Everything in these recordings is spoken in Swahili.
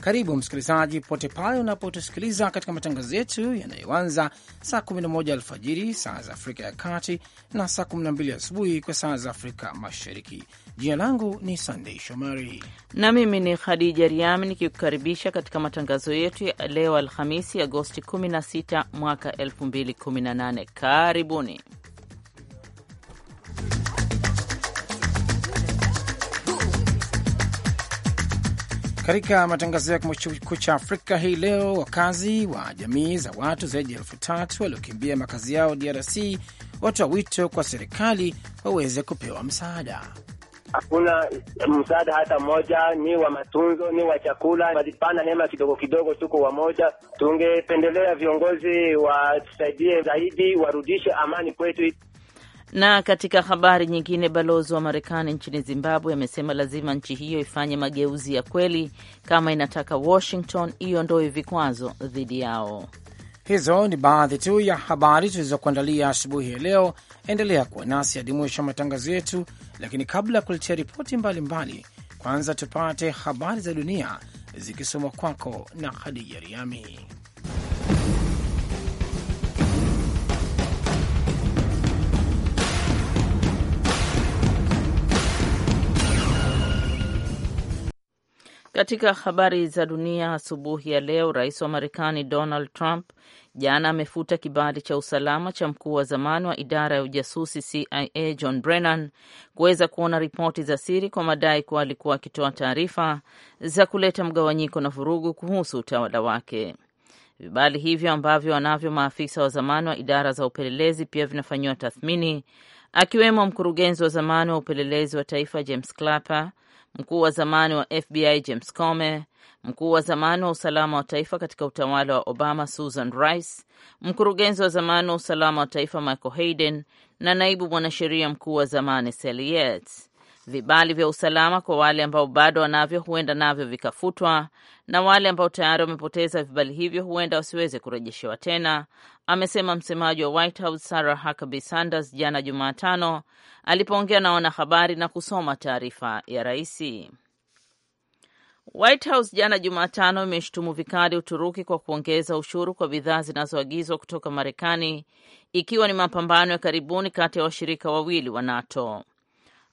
Karibu msikilizaji, popote pale unapotusikiliza katika matangazo yetu yanayoanza saa 11 alfajiri saa za Afrika ya Kati na saa 12 asubuhi kwa saa za Afrika Mashariki. Jina langu ni Sandei Shomari na mimi ni Khadija Riami nikikukaribisha katika matangazo yetu ya leo Alhamisi, Agosti 16 mwaka 2018. Karibuni. Katika matangazo ya Kumekucha Afrika hii leo, wakazi wa jamii za watu zaidi ya elfu tatu waliokimbia makazi yao DRC watoa wito kwa serikali waweze kupewa msaada. Hakuna msaada hata mmoja, ni wa matunzo, ni wa chakula, walipana hema kidogo kidogo, tuko wamoja. Tungependelea viongozi watusaidie zaidi, warudishe amani kwetu. Na katika habari nyingine, balozi wa Marekani nchini Zimbabwe amesema lazima nchi hiyo ifanye mageuzi ya kweli kama inataka Washington iondoe vikwazo dhidi yao. Hizo ni baadhi tu ya habari tulizokuandalia asubuhi ya leo. Endelea kuwa nasi hadi mwisho wa matangazo yetu, lakini kabla ya kuletea ripoti mbalimbali, kwanza tupate habari za dunia zikisomwa kwako na Hadija Riami. Katika habari za dunia asubuhi ya leo, rais wa Marekani Donald Trump jana amefuta kibali cha usalama cha mkuu wa zamani wa idara ya ujasusi CIA John Brennan kuweza kuona ripoti za siri kwa madai kuwa alikuwa akitoa taarifa za kuleta mgawanyiko na vurugu kuhusu utawala wake. Vibali hivyo ambavyo wanavyo maafisa wa zamani wa idara za upelelezi pia vinafanyiwa tathmini, akiwemo mkurugenzi wa zamani wa upelelezi wa taifa James Clapper mkuu wa zamani wa FBI James Comey, mkuu wa zamani wa usalama wa taifa katika utawala wa Obama Susan Rice, mkurugenzi wa zamani wa usalama wa taifa Michael Hayden na naibu mwanasheria mkuu wa zamani Sally Yates. Vibali vya usalama kwa wale ambao bado wanavyo huenda navyo vikafutwa, na wale ambao tayari wamepoteza vibali hivyo huenda wasiweze kurejeshewa tena, amesema msemaji wa White House Sarah Huckabee Sanders jana Jumatano alipoongea na wanahabari na kusoma taarifa ya raisi. White House jana Jumatano imeshutumu vikali Uturuki kwa kuongeza ushuru kwa bidhaa zinazoagizwa kutoka Marekani, ikiwa ni mapambano ya karibuni kati ya washirika wawili wa NATO.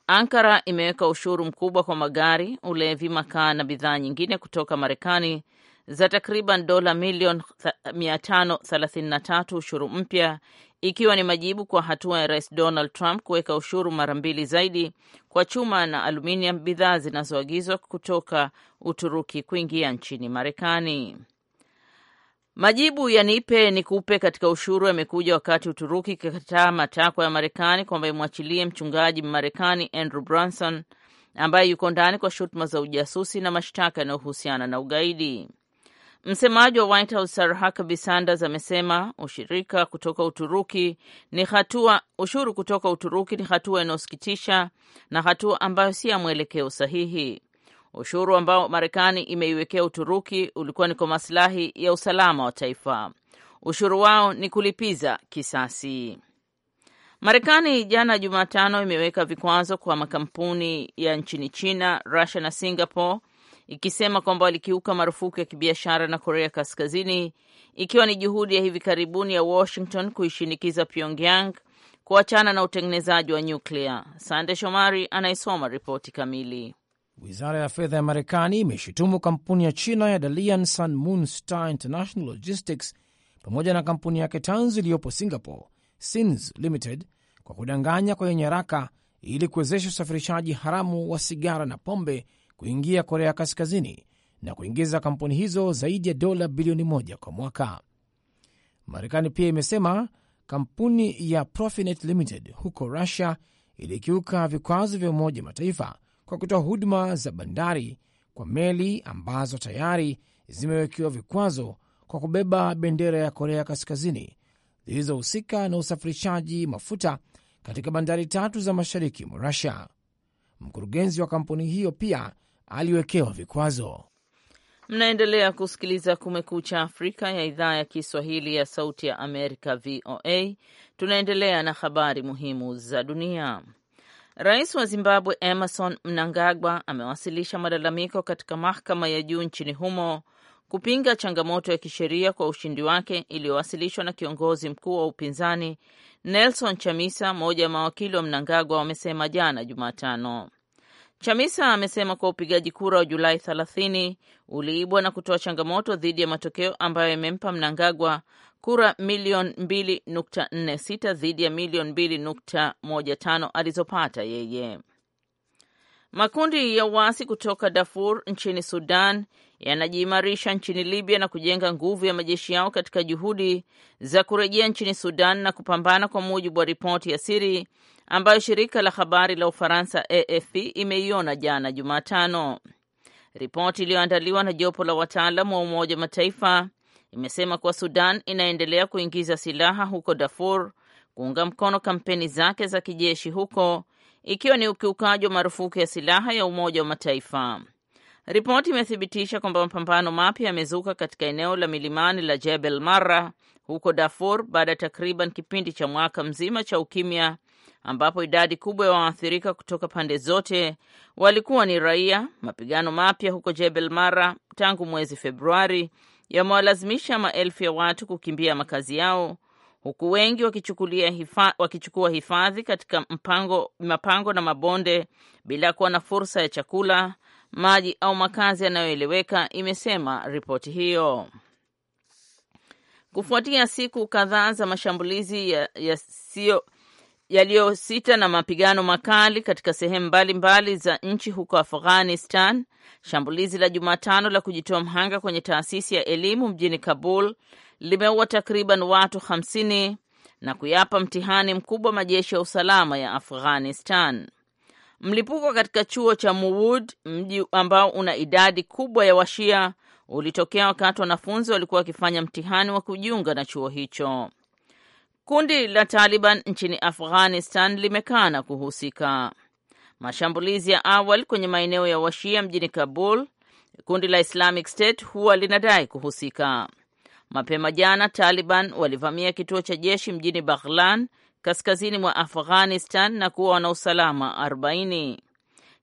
Ankara imeweka ushuru mkubwa kwa magari, ulevi, makaa na bidhaa nyingine kutoka Marekani za takriban dola milioni 533, ushuru mpya ikiwa ni majibu kwa hatua ya Rais Donald Trump kuweka ushuru mara mbili zaidi kwa chuma na aluminium, bidhaa zinazoagizwa kutoka Uturuki kuingia nchini Marekani. Majibu ya nipe ni kupe katika ushuru yamekuja wakati Uturuki ikikataa matakwa ya Marekani kwamba imwachilie mchungaji Mmarekani Andrew Branson ambaye yuko ndani kwa shutuma za ujasusi na mashtaka yanayohusiana na ugaidi. Msemaji wa White House Sarah Huckabee Sanders amesema ushirika kutoka Uturuki ni hatua, ushuru kutoka Uturuki ni hatua inayosikitisha na hatua ambayo si ya mwelekeo sahihi. Ushuru ambao Marekani imeiwekea Uturuki ulikuwa ni kwa masilahi ya usalama wa taifa. Ushuru wao ni kulipiza kisasi. Marekani jana Jumatano imeweka vikwazo kwa makampuni ya nchini China, Rusia na Singapore ikisema kwamba walikiuka marufuku ya kibiashara na Korea Kaskazini, ikiwa ni juhudi ya hivi karibuni ya Washington kuishinikiza Pyongyang kuachana na utengenezaji wa nyuklia. Sande Shomari anayesoma ripoti kamili. Wizara ya fedha ya Marekani imeshutumu kampuni ya China ya Dalian Sun Moon Star International Logistics pamoja na kampuni yake tanzu iliyopo Singapore, Sins Limited, kwa kudanganya kwenye nyaraka ili kuwezesha usafirishaji haramu wa sigara na pombe kuingia Korea Kaskazini na kuingiza kampuni hizo zaidi ya dola bilioni moja kwa mwaka. Marekani pia imesema kampuni ya Profinet Limited huko Russia ilikiuka vikwazo vya Umoja Mataifa kwa kutoa huduma za bandari kwa meli ambazo tayari zimewekewa vikwazo kwa kubeba bendera ya Korea Kaskazini zilizohusika na usafirishaji mafuta katika bandari tatu za mashariki mwa Rusia. Mkurugenzi wa kampuni hiyo pia aliwekewa vikwazo. Mnaendelea kusikiliza Kumekucha Afrika ya idhaa ya Kiswahili ya Sauti ya Amerika, VOA. Tunaendelea na habari muhimu za dunia. Rais wa Zimbabwe Emerson Mnangagwa amewasilisha malalamiko katika mahakama ya juu nchini humo kupinga changamoto ya kisheria kwa ushindi wake iliyowasilishwa na kiongozi mkuu wa upinzani Nelson Chamisa. Mmoja ya mawakili wa Mnangagwa wamesema jana Jumatano Chamisa amesema kuwa upigaji kura wa Julai 30 uliibwa na kutoa changamoto dhidi ya matokeo ambayo imempa Mnangagwa kura milioni 2.46 dhidi ya milioni 2.15 alizopata yeye. Makundi ya uasi kutoka Darfur nchini Sudan yanajiimarisha nchini Libya na kujenga nguvu ya majeshi yao katika juhudi za kurejea nchini Sudan na kupambana, kwa mujibu wa ripoti ya siri ambayo shirika la habari la Ufaransa AFP imeiona jana Jumatano. Ripoti iliyoandaliwa na jopo la wataalam wa Umoja wa Mataifa imesema kuwa Sudan inaendelea kuingiza silaha huko Darfur kuunga mkono kampeni zake za kijeshi huko, ikiwa ni ukiukaji wa marufuku ya silaha ya Umoja wa Mataifa. Ripoti imethibitisha kwamba mapambano mapya yamezuka katika eneo la milimani la Jebel Mara huko Darfur baada ya takriban kipindi cha mwaka mzima cha ukimya ambapo idadi kubwa ya waathirika kutoka pande zote walikuwa ni raia. Mapigano mapya huko Jebel Mara tangu mwezi Februari yamewalazimisha maelfu ya watu kukimbia makazi yao huku wengi wakichukulia hifa, wakichukua hifadhi katika mpango, mapango na mabonde bila kuwa na fursa ya chakula, maji au makazi yanayoeleweka, imesema ripoti hiyo. Kufuatia siku kadhaa za mashambulizi yasiyo yaliyosita na mapigano makali katika sehemu mbalimbali za nchi huko Afghanistan. Shambulizi la Jumatano la kujitoa mhanga kwenye taasisi ya elimu mjini Kabul limeua takriban watu 50 na kuyapa mtihani mkubwa majeshi ya usalama ya Afghanistan. Mlipuko katika chuo cha Muwud, mji ambao una idadi kubwa ya Washia, ulitokea wakati wanafunzi walikuwa wakifanya mtihani wa kujiunga na chuo hicho. Kundi la Taliban nchini Afghanistan limekana kuhusika. Mashambulizi ya awali kwenye maeneo ya Washia mjini Kabul, kundi la Islamic State huwa linadai kuhusika. Mapema jana Taliban walivamia kituo cha jeshi mjini Baghlan kaskazini mwa Afghanistan na kuwa wana usalama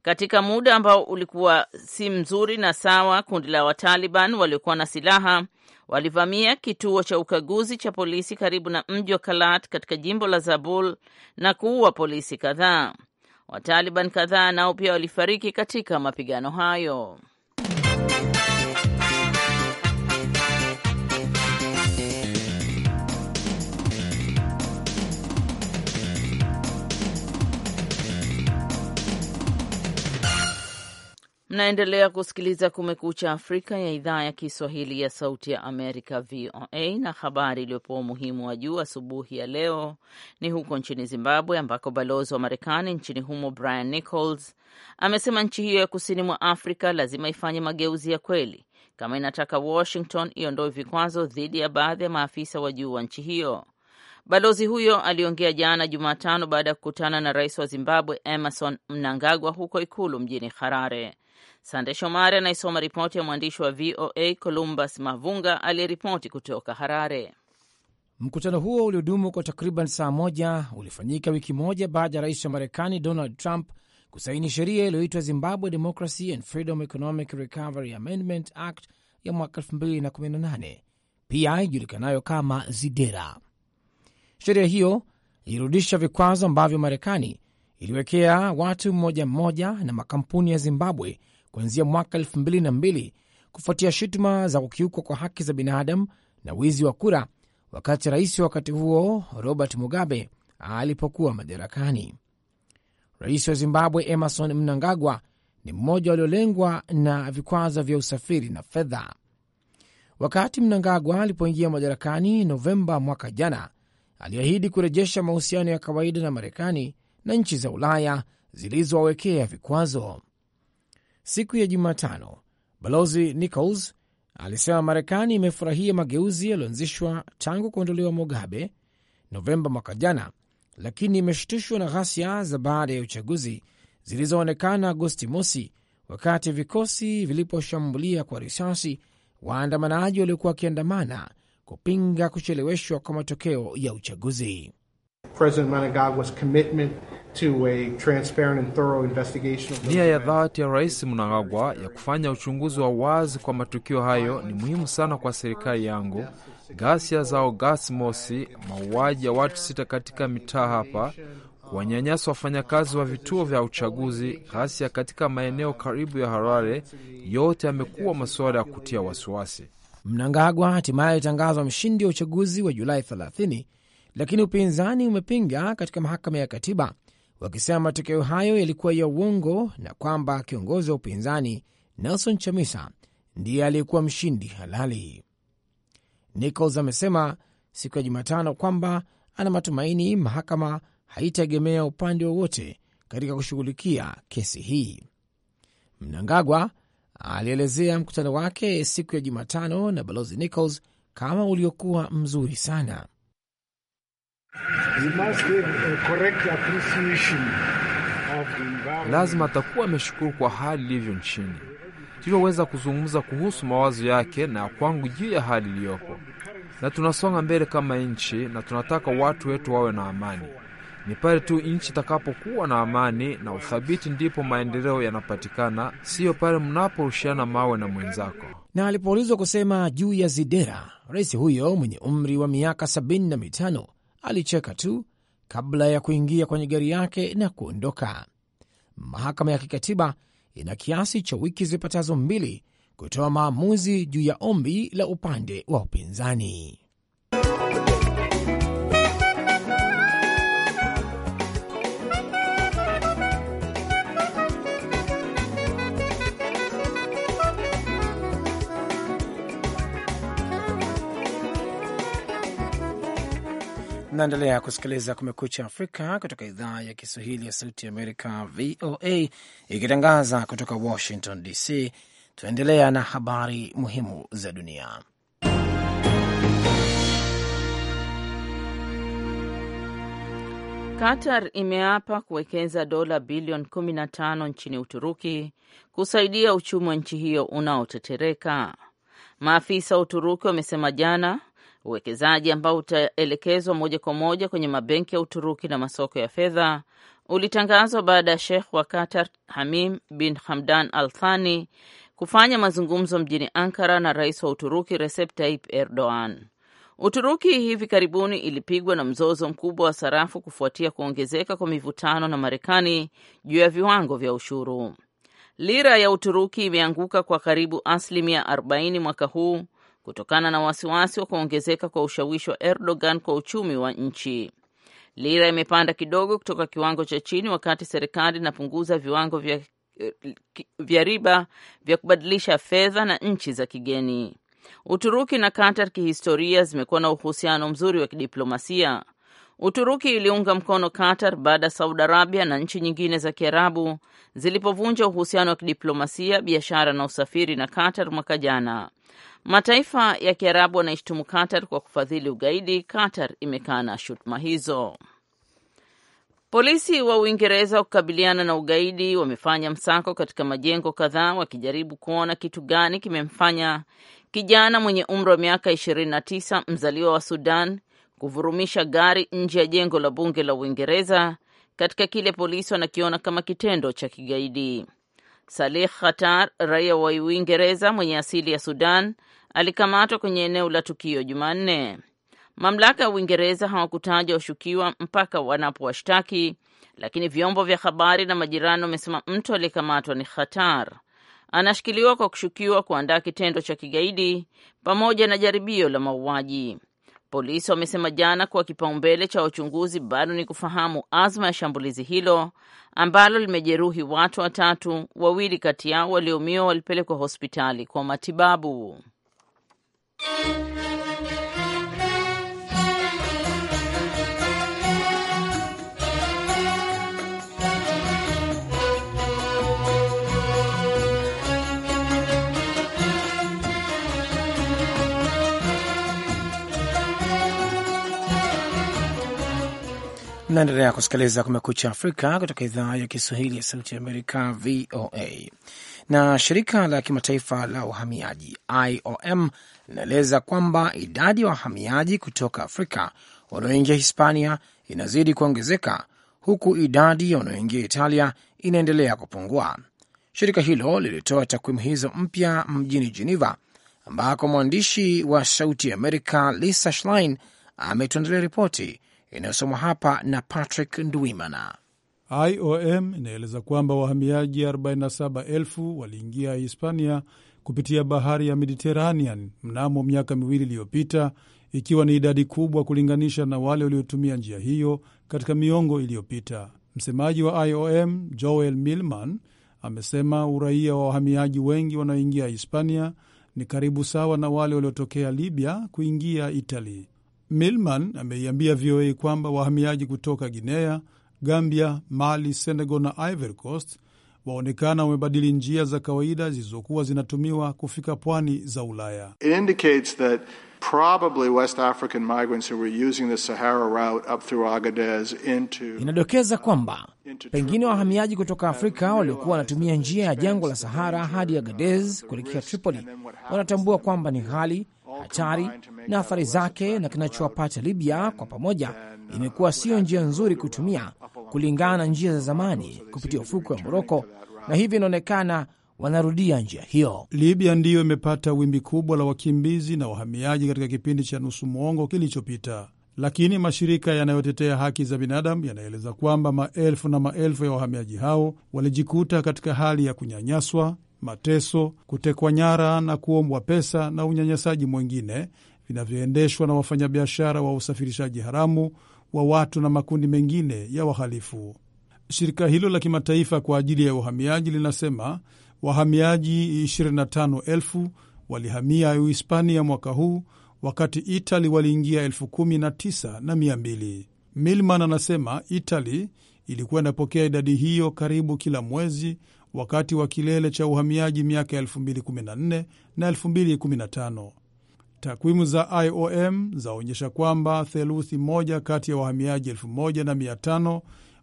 katika muda ambao ulikuwa si mzuri na sawa, kundi la Wataliban waliokuwa na silaha walivamia kituo cha ukaguzi cha polisi karibu na mji wa Kalat katika jimbo la Zabul na kuua polisi kadhaa. Wataliban kadhaa nao pia walifariki katika mapigano hayo. Mnaendelea kusikiliza Kumekucha Afrika ya idhaa ya Kiswahili ya Sauti ya Amerika, VOA, na habari iliyopewa umuhimu wa juu asubuhi ya leo ni huko nchini Zimbabwe, ambako balozi wa Marekani nchini humo Brian Nichols amesema nchi hiyo ya kusini mwa Afrika lazima ifanye mageuzi ya kweli kama inataka Washington iondoe vikwazo dhidi ya baadhi ya maafisa wa juu wa nchi hiyo. Balozi huyo aliongea jana Jumatano baada ya kukutana na rais wa Zimbabwe Emerson Mnangagwa huko ikulu mjini Harare. Sande Shomari anaisoma ripoti ya mwandishi wa VOA Columbus Mavunga aliyeripoti kutoka Harare. Mkutano huo uliodumu kwa takriban saa moja ulifanyika wiki moja baada ya rais wa Marekani Donald Trump kusaini sheria iliyoitwa Zimbabwe Democracy and Freedom Economic Recovery Amendment Act ya mwaka 2018 pia ijulikanayo kama ZIDERA. Sheria hiyo ilirudisha vikwazo ambavyo Marekani iliwekea watu mmoja mmoja na makampuni ya Zimbabwe kuanzia mwaka 2002 kufuatia shutuma za kukiukwa kwa haki za binadamu na wizi wa kura wakati rais wa wakati huo Robert Mugabe alipokuwa madarakani. Rais wa Zimbabwe Emerson Mnangagwa ni mmoja waliolengwa na vikwazo vya usafiri na fedha. Wakati Mnangagwa alipoingia madarakani Novemba mwaka jana, aliahidi kurejesha mahusiano ya kawaida na Marekani na nchi za Ulaya zilizowawekea vikwazo. Siku ya Jumatano, balozi Nichols alisema Marekani imefurahia mageuzi yaliyoanzishwa tangu kuondolewa Mugabe Novemba mwaka jana, lakini imeshtushwa na ghasia za baada ya uchaguzi zilizoonekana Agosti mosi, wakati vikosi viliposhambulia kwa risasi waandamanaji waliokuwa wakiandamana kupinga kucheleweshwa kwa matokeo ya uchaguzi nia ya dhati ya Rais Mnangagwa ya kufanya uchunguzi wa wazi kwa matukio hayo ni muhimu sana kwa serikali yangu. Ghasia za Agosti mosi, mauaji ya watu sita katika mitaa hapa, wanyanyasa wafanyakazi wa vituo vya uchaguzi, ghasia katika maeneo karibu ya Harare, yote yamekuwa masuala ya kutia wasiwasi. Mnangagwa hatimaye alitangazwa mshindi wa uchaguzi wa Julai 30, lakini upinzani umepinga katika mahakama ya katiba wakisema matokeo hayo yalikuwa ya uongo na kwamba kiongozi wa upinzani Nelson Chamisa ndiye aliyekuwa mshindi halali. Nichols amesema siku ya Jumatano kwamba ana matumaini mahakama haitaegemea upande wowote katika kushughulikia kesi hii. Mnangagwa alielezea mkutano wake siku ya Jumatano na balozi Nichols kama uliokuwa mzuri sana. Lazima atakuwa ameshukuru kwa hali ilivyo nchini. Tulivyoweza kuzungumza kuhusu mawazo yake na kwangu juu ya hali iliyopo, na tunasonga mbele kama nchi, na tunataka watu wetu wawe na amani. Ni pale tu nchi itakapokuwa na amani na uthabiti ndipo maendeleo yanapatikana, siyo pale mnaporushiana mawe na mwenzako. Na alipoulizwa kusema juu ya Zidera, rais huyo mwenye umri wa miaka sabini na mitano alicheka tu kabla ya kuingia kwenye gari yake na kuondoka. Mahakama ya kikatiba ina kiasi cha wiki zipatazo mbili kutoa maamuzi juu ya ombi la upande wa upinzani. naendelea kusikiliza Kumekucha Afrika kutoka idhaa ya Kiswahili ya Sauti ya Amerika, VOA, ikitangaza kutoka Washington DC. Tunaendelea na habari muhimu za dunia. Qatar imeapa kuwekeza dola bilioni 15 nchini Uturuki kusaidia uchumi wa nchi hiyo unaotetereka. Maafisa wa Uturuki wamesema jana Uwekezaji ambao utaelekezwa moja kwa moja kwenye mabenki ya Uturuki na masoko ya fedha ulitangazwa baada ya Sheikh wa Qatar Hamim bin Hamdan Al Thani kufanya mazungumzo mjini Ankara na rais wa Uturuki Recep Tayyip Erdogan. Uturuki hivi karibuni ilipigwa na mzozo mkubwa wa sarafu kufuatia kuongezeka kwa mivutano na Marekani juu ya viwango vya ushuru. Lira ya Uturuki imeanguka kwa karibu asilimia 40 mwaka huu kutokana na wasiwasi wa kuongezeka kwa ushawishi wa Erdogan kwa uchumi wa nchi. Lira imepanda kidogo kutoka kiwango cha chini wakati serikali inapunguza viwango vya, eh, vya riba vya kubadilisha fedha na nchi za kigeni. Uturuki na Qatar kihistoria zimekuwa na uhusiano mzuri wa kidiplomasia. Uturuki iliunga mkono Qatar baada ya Saudi Arabia na nchi nyingine za Kiarabu zilipovunja uhusiano wa kidiplomasia, biashara na usafiri na Qatar mwaka jana. Mataifa ya Kiarabu wanaishtumu Qatar kwa kufadhili ugaidi. Qatar imekana shutuma hizo. Polisi wa Uingereza wa kukabiliana na ugaidi wamefanya msako katika majengo kadhaa wakijaribu kuona kitu gani kimemfanya kijana mwenye umri wa miaka 29 mzaliwa wa Sudan kuvurumisha gari nje ya jengo la bunge la Uingereza katika kile polisi wanakiona kama kitendo cha kigaidi. Saleh Khatar, raia wa Uingereza mwenye asili ya Sudan, alikamatwa kwenye eneo la tukio Jumanne. Mamlaka ya Uingereza hawakutaja washukiwa mpaka wanapowashtaki, lakini vyombo vya habari na majirani wamesema mtu aliyekamatwa ni Khatar. Anashikiliwa kwa kushukiwa kuandaa kitendo cha kigaidi pamoja na jaribio la mauaji. Polisi wamesema jana kuwa kipaumbele cha uchunguzi bado ni kufahamu azma ya shambulizi hilo ambalo limejeruhi watu watatu, wawili kati yao walioumia walipelekwa hospitali kwa matibabu. Naendelea kusikiliza Kumekucha Afrika kutoka idhaa ya Kiswahili ya Sauti ya Amerika, VOA. Na shirika la kimataifa la uhamiaji IOM linaeleza kwamba idadi ya wa wahamiaji kutoka Afrika wanaoingia Hispania inazidi kuongezeka huku idadi ya wanaoingia Italia inaendelea kupungua. Shirika hilo lilitoa takwimu hizo mpya mjini Geneva, ambako mwandishi wa Sauti ya Amerika Lisa Schlein ametuandalia ripoti inayosomwa hapa na Patrick Ndwimana. IOM inaeleza kwamba wahamiaji 47,000 waliingia Hispania kupitia bahari ya Mediterranean mnamo miaka miwili iliyopita, ikiwa ni idadi kubwa kulinganisha na wale waliotumia njia hiyo katika miongo iliyopita. Msemaji wa IOM Joel milman amesema uraia wa wahamiaji wengi wanaoingia Hispania ni karibu sawa na wale waliotokea Libya kuingia Itali. Milman ameiambia VOA kwamba wahamiaji kutoka Guinea, Gambia, Mali, Senegal na Ivory Coast waonekana wamebadili njia za kawaida zilizokuwa zinatumiwa kufika pwani za Ulaya. It indicates that probably West African migrants who were using the Sahara route up through Agadez into, inadokeza kwamba pengine wahamiaji kutoka Afrika waliokuwa wanatumia njia ya jangwa la Sahara hadi Agadez kuelekea Tripoli wanatambua kwamba ni ghali hatari na athari zake na kinachowapata Libya kwa pamoja, imekuwa siyo njia nzuri kutumia kulingana na njia za zamani kupitia ufuko wa Moroko, na hivyo inaonekana wanarudia njia hiyo. Libya ndiyo imepata wimbi kubwa la wakimbizi na wahamiaji katika kipindi cha nusu mwongo kilichopita, lakini mashirika yanayotetea haki za binadamu yanaeleza kwamba maelfu na maelfu ya wahamiaji hao walijikuta katika hali ya kunyanyaswa, mateso, kutekwa nyara na kuombwa pesa na unyanyasaji mwingine vinavyoendeshwa na wafanyabiashara wa usafirishaji haramu wa watu na makundi mengine ya wahalifu. Shirika hilo la kimataifa kwa ajili ya uhamiaji linasema wahamiaji 25,000 walihamia Uhispania mwaka huu, wakati Itali waliingia 19,200. Milman anasema Itali ilikuwa inapokea idadi hiyo karibu kila mwezi wakati wa kilele cha uhamiaji miaka 2014 na 2015. Takwimu za IOM zaonyesha kwamba theluthi moja kati ya wahamiaji 1500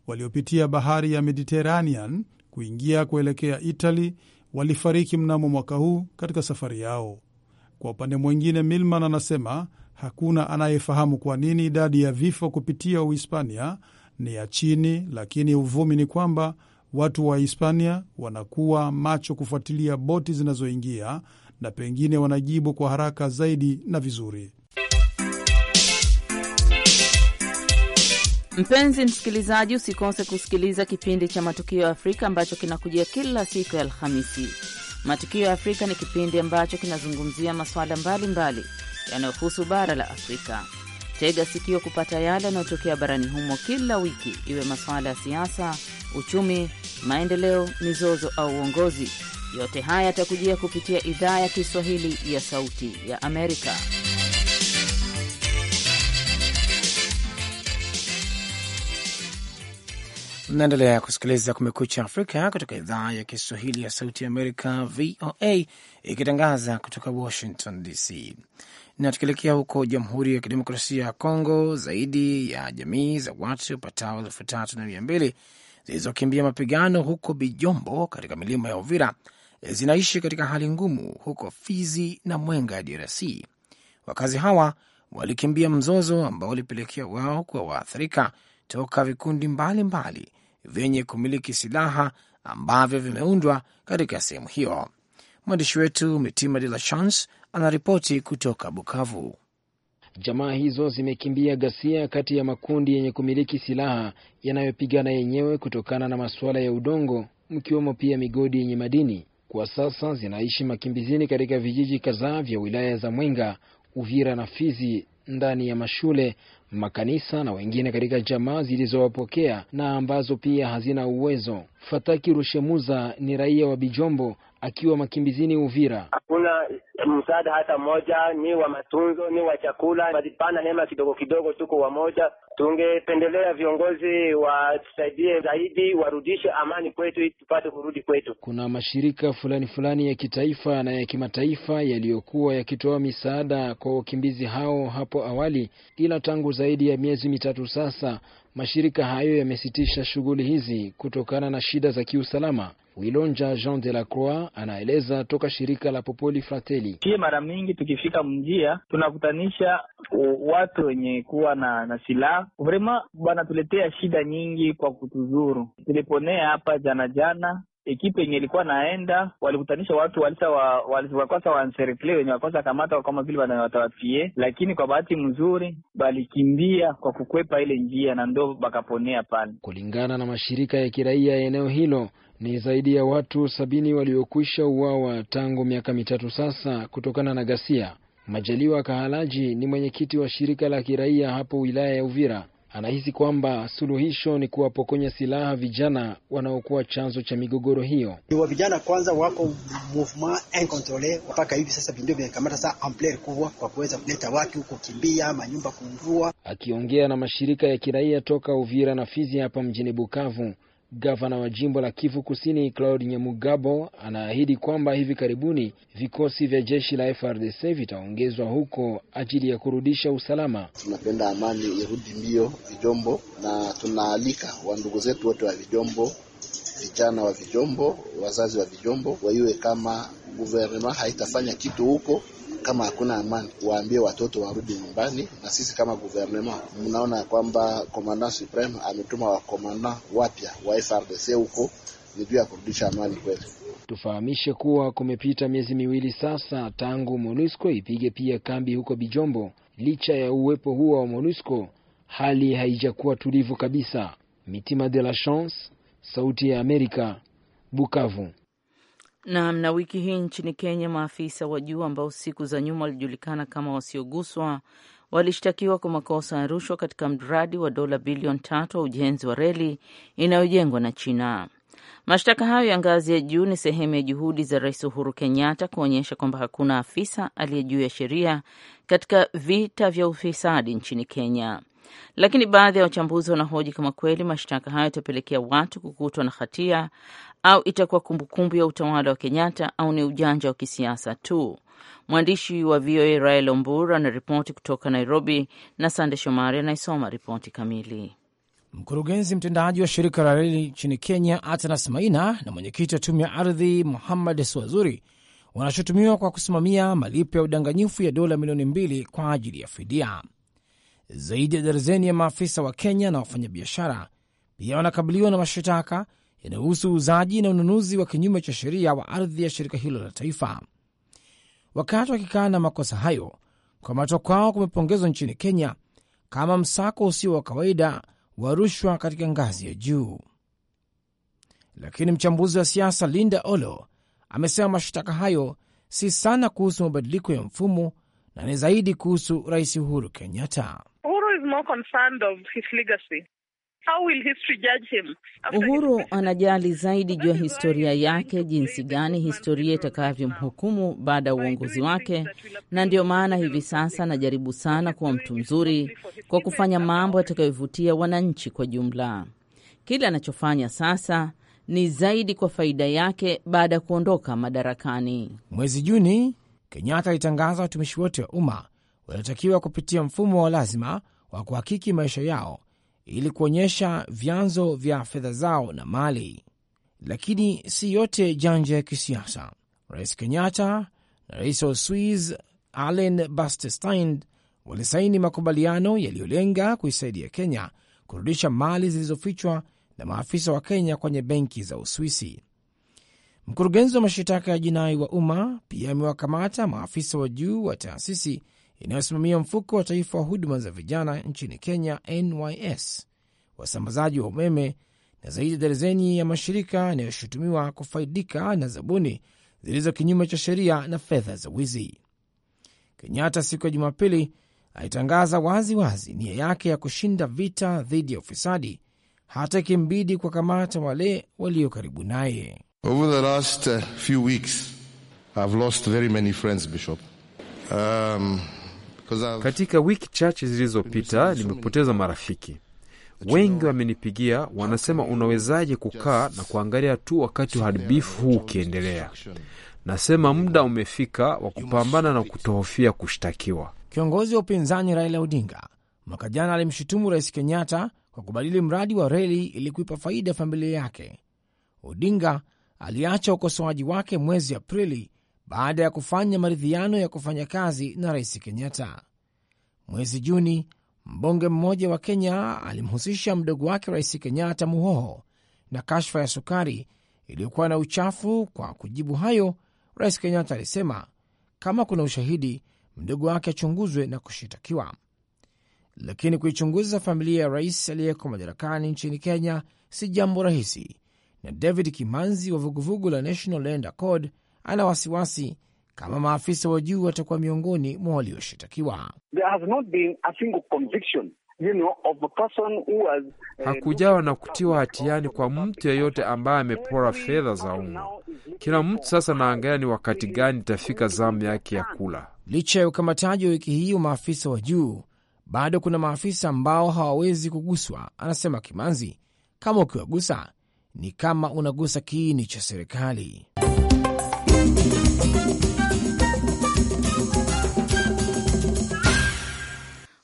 waliopitia bahari ya Mediterranean kuingia kuelekea Italy walifariki mnamo mwaka huu katika safari yao. Kwa upande mwingine, Milman anasema hakuna anayefahamu kwa nini idadi ya vifo kupitia Uhispania ni ya chini, lakini uvumi ni kwamba Watu wa Hispania wanakuwa macho kufuatilia boti zinazoingia na pengine wanajibu kwa haraka zaidi na vizuri. Mpenzi msikilizaji, usikose kusikiliza kipindi cha Matukio ya Afrika ambacho kinakujia kila siku ya Alhamisi. Matukio ya Afrika ni kipindi ambacho kinazungumzia masuala mbalimbali yanayohusu bara la Afrika. Tega sikio kupata yale yanayotokea barani humo kila wiki, iwe masuala ya siasa, uchumi, maendeleo, mizozo au uongozi. Yote haya yatakujia kupitia idhaa ya Kiswahili ya Sauti ya Amerika. Mnaendelea kusikiliza Kumekucha Afrika kutoka idhaa ya Kiswahili ya Sauti ya Amerika, VOA, ikitangaza kutoka Washington DC. Na tukielekea huko Jamhuri ya Kidemokrasia ya Kongo, zaidi ya jamii za watu patao elfu tatu na mia mbili zilizokimbia mapigano huko Bijombo katika milima ya Uvira zinaishi katika hali ngumu huko Fizi na Mwenga ya DRC. Wakazi hawa walikimbia mzozo ambao walipelekea wao kuwa waathirika toka vikundi mbalimbali vyenye kumiliki silaha ambavyo vimeundwa katika sehemu hiyo. Mwandishi wetu Mitima De La Chance anaripoti kutoka Bukavu. Jamaa hizo zimekimbia ghasia kati ya makundi yenye kumiliki silaha yanayopigana yenyewe kutokana na masuala ya udongo, mkiwemo pia migodi yenye madini. Kwa sasa zinaishi makimbizini katika vijiji kadhaa vya wilaya za Mwenga, Uvira na Fizi, ndani ya mashule, makanisa na wengine katika jamaa zilizowapokea na ambazo pia hazina uwezo. Fataki Rushemuza ni raia wa Bijombo akiwa makimbizini Uvira. Hakuna msaada hata mmoja, ni wa matunzo, ni wa chakula, walipana hema kidogo kidogo, tuko wamoja. Tungependelea viongozi watusaidie zaidi, warudishe amani kwetu, ili tupate kurudi kwetu. Kuna mashirika fulani fulani ya kitaifa na ya kimataifa yaliyokuwa yakitoa misaada kwa wakimbizi hao hapo awali, ila tangu zaidi ya miezi mitatu sasa mashirika hayo yamesitisha shughuli hizi kutokana na shida za kiusalama. Wilonja Jean de la Croix anaeleza toka shirika la Popoli Fratelli hili? Sie mara mingi tukifika mjia tunakutanisha watu wenye kuwa na, na silaha vrema wanatuletea shida nyingi kwa kutuzuru. Tuliponea hapa jana jana ekipe yenye ilikuwa naenda walikutanisha watu walisa wa, wanserikle wenye wakosa kamata kama vile wanawatawapie, lakini kwa bahati mzuri walikimbia kwa kukwepa ile njia na ndo bakaponea pale, kulingana na mashirika ya kiraia ya eneo hilo. Ni zaidi ya watu sabini waliokwisha uawa tangu miaka mitatu sasa kutokana na ghasia. Majaliwa Kahalaji ni mwenyekiti wa shirika la kiraia hapo wilaya ya Uvira. Anahisi kwamba suluhisho ni kuwapokonya silaha vijana wanaokuwa chanzo cha migogoro hiyo. Wa vijana kwanza wako mouvement incontrole mpaka hivi sasa vindio vimekamata saa ampler kubwa kwa kuweza kuleta watu kukimbia manyumba kuungua. Akiongea na mashirika ya kiraia toka Uvira na Fizi hapa mjini Bukavu, Gavana wa jimbo la Kivu Kusini Claude Nyamugabo anaahidi kwamba hivi karibuni vikosi vya jeshi la FRDC vitaongezwa huko ajili ya kurudisha usalama. Tunapenda amani irudi mbio Vijombo, na tunaalika wandugu zetu wote wa Vijombo, vijana wa Vijombo, wazazi wa Vijombo, waiwe kama guvernema haitafanya kitu huko kama hakuna amani, waambie watoto warudi nyumbani. Na sisi kama guvernema, mnaona kwamba komanda supreme ametuma wakomanda wapya wa FRDC huko ni juu ya kurudisha amani kweli. Tufahamishe kuwa kumepita miezi miwili sasa tangu MONUSCO ipige pia kambi huko Bijombo. Licha ya uwepo huo wa MONUSCO, hali haijakuwa tulivu kabisa. Mitima de la Chance, Sauti ya Amerika, Bukavu. Naam. Na wiki hii nchini Kenya, maafisa wa juu ambao siku za nyuma walijulikana kama wasioguswa walishtakiwa kwa makosa ya rushwa katika mradi wa dola bilioni tatu wa ujenzi wa reli inayojengwa na China. Mashtaka hayo ya ngazi ya juu ni sehemu ya juhudi za Rais Uhuru Kenyatta kuonyesha kwamba hakuna afisa aliye juu ya sheria katika vita vya ufisadi nchini Kenya. Lakini baadhi ya wachambuzi wanahoji kama kweli mashtaka hayo yatapelekea watu kukutwa na hatia au itakuwa kumbukumbu ya utawala wa Kenyatta au ni ujanja wa kisiasa tu? Mwandishi wa VOA Rael Ombur anaripoti kutoka Nairobi na Sande Shomari anaisoma ripoti kamili. Mkurugenzi mtendaji wa shirika la reli nchini Kenya Atanas Maina na mwenyekiti wa tume ya ardhi Muhammad Swazuri wanashutumiwa kwa kusimamia malipo ya udanganyifu ya dola milioni mbili kwa ajili ya fidia. Zaidi ya darzeni ya maafisa wa Kenya na wafanyabiashara pia wanakabiliwa na mashitaka yanayohusu uuzaji na ununuzi wa kinyume cha sheria wa ardhi ya shirika hilo la taifa. Wakati wakikaa na makosa hayo, kukamatwa kwao kumepongezwa nchini Kenya kama msako usio wa kawaida wa rushwa katika ngazi ya juu. Lakini mchambuzi wa siasa Linda Olo amesema mashtaka hayo si sana kuhusu mabadiliko ya mfumo na ni zaidi kuhusu Rais Uhuru Kenyatta. How will history judge him? Uhuru anajali zaidi juu ya historia yake, jinsi gani historia itakavyomhukumu baada ya uongozi wake, na ndiyo maana hivi sasa anajaribu sana kuwa mtu mzuri kwa kufanya mambo yatakayovutia wananchi kwa jumla. Kile anachofanya sasa ni zaidi kwa faida yake baada ya kuondoka madarakani. Mwezi Juni, Kenyatta alitangaza watumishi wote wa umma wanatakiwa kupitia mfumo wa lazima wa kuhakiki maisha yao ili kuonyesha vyanzo vya fedha zao na mali. Lakini si yote janja ya kisiasa. Rais Kenyatta na rais wa Uswiz Alen Bastestein walisaini makubaliano yaliyolenga kuisaidia Kenya kurudisha mali zilizofichwa na maafisa wa Kenya kwenye benki za Uswisi. Mkurugenzi wa mashitaka ya jinai wa umma pia amewakamata maafisa wa juu wa taasisi inayosimamia mfuko wa taifa wa huduma za vijana nchini Kenya, NYS, wasambazaji wa umeme na zaidi ya darzeni ya mashirika yanayoshutumiwa kufaidika na zabuni zilizo kinyume cha sheria na fedha za wizi. Kenyatta siku ya Jumapili alitangaza wazi wazi nia yake ya kushinda vita dhidi ya ufisadi, hata ikimbidi kwa kamata wale walio karibu naye. Over the last uh, few weeks I've lost very many friends, Bishop. Um, katika wiki chache zilizopita nimepoteza marafiki wengi, wamenipigia wanasema, unawezaje kukaa na kuangalia tu wakati uharibifu huu ukiendelea? Nasema muda umefika wa kupambana na kutohofia kushtakiwa. Kiongozi wa upinzani Raila Odinga mwaka jana alimshutumu Rais Kenyatta kwa kubadili mradi wa reli ili kuipa faida familia yake. Odinga aliacha ukosoaji wake mwezi Aprili baada ya kufanya maridhiano ya kufanya kazi na Rais Kenyatta. Mwezi Juni, mbunge mmoja wa Kenya alimhusisha mdogo wake Rais Kenyatta Muhoho na kashfa ya sukari iliyokuwa na uchafu. Kwa kujibu hayo, Rais Kenyatta alisema kama kuna ushahidi, mdogo wake achunguzwe na kushitakiwa. Lakini kuichunguza familia ya rais aliyeko madarakani nchini Kenya si jambo rahisi, na David Kimanzi wa vuguvugu la National Land Accord ana wasiwasi kama maafisa wa juu watakuwa miongoni mwa walioshitakiwa. Uh, hakujawa na kutiwa hatiani kwa mtu yeyote ambaye amepora fedha za umma. Kila mtu sasa naangalia ni wakati gani itafika zamu yake ya kula. Licha ya ukamataji wa wiki hii wa maafisa wa juu, bado kuna maafisa ambao hawawezi kuguswa, anasema Kimanzi. Kama ukiwagusa ni kama unagusa kiini cha serikali.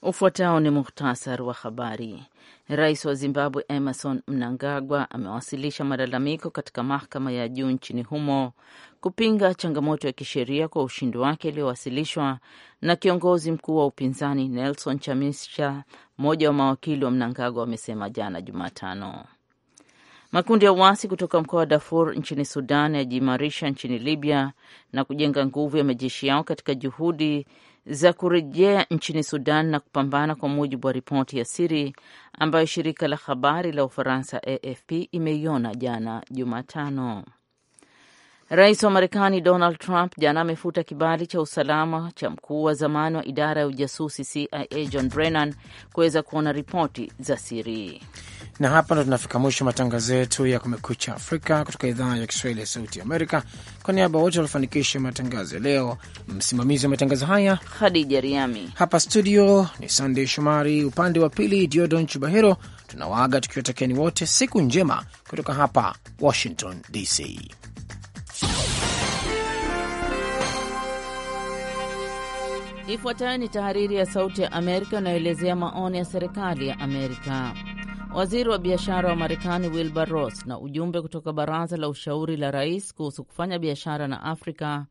Ufuatao ni muhtasar wa habari. Rais wa Zimbabwe Emerson Mnangagwa amewasilisha malalamiko katika mahakama ya juu nchini humo kupinga changamoto ya kisheria kwa ushindi wake iliyowasilishwa na kiongozi mkuu wa upinzani Nelson Chamisa. Mmoja wa mawakili wa Mnangagwa amesema jana Jumatano. Makundi ya uasi kutoka mkoa wa Darfur nchini Sudan yajiimarisha nchini Libya na kujenga nguvu ya majeshi yao katika juhudi za kurejea nchini Sudan na kupambana, kwa mujibu wa ripoti ya siri ambayo shirika la habari la Ufaransa AFP imeiona jana Jumatano. Rais wa Marekani Donald Trump jana amefuta kibali cha usalama cha mkuu wa zamani wa idara ya ujasusi CIA John Brennan kuweza kuona ripoti za siri. Na hapa ndo tunafika mwisho matangazo yetu ya Kumekucha Afrika kutoka idhaa ya Kiswahili ya Sauti Amerika. Kwa niaba wote waliofanikisha matangazo ya leo, msimamizi wa matangazo haya hadija Riami, hapa studio ni Sandey Shomari, upande wa pili Diodon Chubahiro. Tunawaaga tukiwatakieni wote siku njema kutoka hapa Washington DC. Ifuatayo ni tahariri ya Sauti ya Amerika inayoelezea maoni ya serikali ya Amerika. Waziri wa biashara wa Marekani Wilbur Ross na ujumbe kutoka baraza la ushauri la rais kuhusu kufanya biashara na Afrika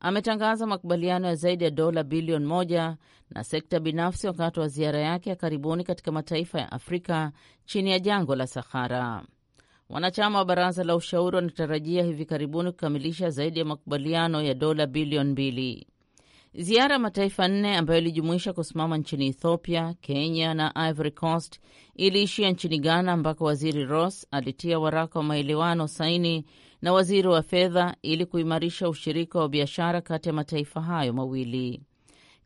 ametangaza makubaliano ya zaidi ya dola bilioni moja na sekta binafsi wakati wa ziara yake ya karibuni katika mataifa ya Afrika chini ya jangwa la Sahara. Wanachama wa baraza la ushauri wanatarajia hivi karibuni kukamilisha zaidi ya makubaliano ya dola bilioni mbili. Ziara ya mataifa nne ambayo ilijumuisha kusimama nchini Ethiopia, Kenya na Ivory Coast iliishia nchini Ghana, ambako waziri Ross alitia waraka wa maelewano saini na waziri wa fedha ili kuimarisha ushirika wa biashara kati ya mataifa hayo mawili.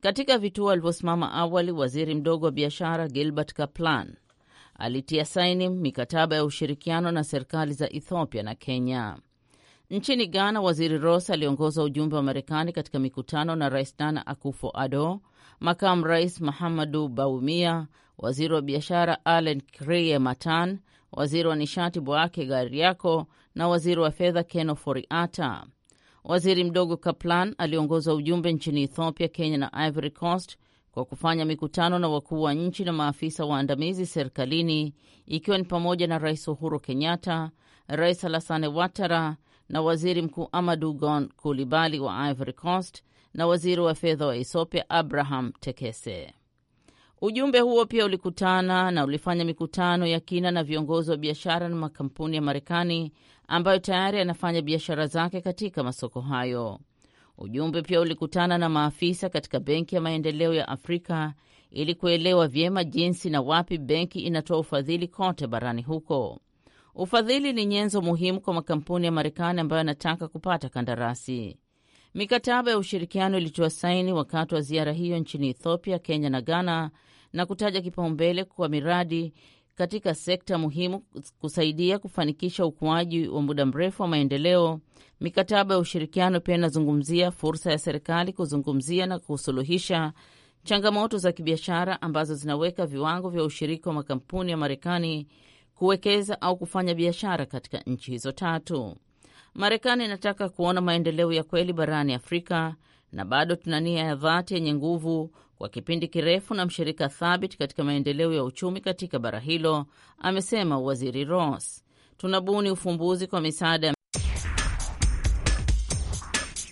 Katika vituo alivyosimama awali, waziri mdogo wa biashara Gilbert Kaplan alitia saini mikataba ya ushirikiano na serikali za Ethiopia na Kenya. Nchini Ghana, waziri Ross aliongoza ujumbe wa Marekani katika mikutano na rais Nana Akufo Ado, makamu rais Mahamadu Baumia, waziri wa biashara Allen krie Matan, waziri wa nishati Boake Gariako na waziri wa fedha Keno Foriata. Waziri mdogo Kaplan aliongoza ujumbe nchini Ethiopia, Kenya na Ivory Coast kwa kufanya mikutano na wakuu wa nchi na maafisa waandamizi serikalini, ikiwa ni pamoja na Rais Uhuru Kenyatta, Rais Alassane Ouattara na waziri mkuu Amadu Gon Kulibali wa Ivory Coast na waziri wa fedha wa Ethiopia Abraham Tekese. Ujumbe huo pia ulikutana na ulifanya mikutano ya kina na viongozi wa biashara na makampuni ya Marekani ambayo tayari yanafanya biashara zake katika masoko hayo. Ujumbe pia ulikutana na maafisa katika Benki ya Maendeleo ya Afrika ili kuelewa vyema jinsi na wapi benki inatoa ufadhili kote barani huko. Ufadhili ni nyenzo muhimu kwa makampuni ya Marekani ambayo yanataka kupata kandarasi. Mikataba ya ushirikiano ilitoa saini wakati wa ziara hiyo nchini Ethiopia, Kenya na Ghana na kutaja kipaumbele kwa miradi katika sekta muhimu kusaidia kufanikisha ukuaji wa muda mrefu wa maendeleo. Mikataba ya ushirikiano pia inazungumzia fursa ya serikali kuzungumzia na kusuluhisha changamoto za kibiashara ambazo zinaweka viwango vya ushiriki wa makampuni ya Marekani kuwekeza au kufanya biashara katika nchi hizo tatu. Marekani inataka kuona maendeleo ya kweli barani Afrika, na bado tuna nia ya dhati yenye nguvu kwa kipindi kirefu na mshirika thabiti katika maendeleo ya uchumi katika bara hilo, amesema Waziri Ross. Tunabuni ufumbuzi kwa misaada ya